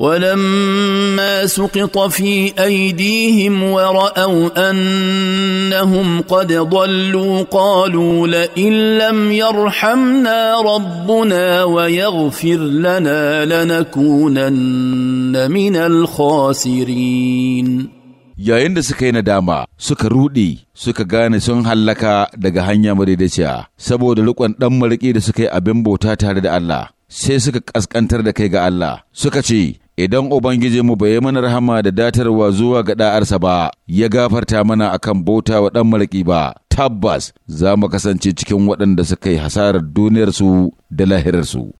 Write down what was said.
ولما سقط في ايديهم وراوا انهم قد ضلوا قالوا لئن لم يرحمنا ربنا ويغفر لنا لنكونن من الخاسرين yayin da suka yi nadama suka rudi suka gane sun hallaka daga hanya madaidaiciya saboda riƙon ɗan mariki da suka yi abin bauta tare da Allah sai suka ƙasƙantar da kai ga Allah suka ce idan ubangiji mu bai yi mana rahama da datarwa zuwa ga da'arsa ba, ya gafarta mana akan bauta wa ɗan mulki ba, tabbas za mu kasance cikin waɗanda suka yi hasarar duniyarsu da lahirarsu.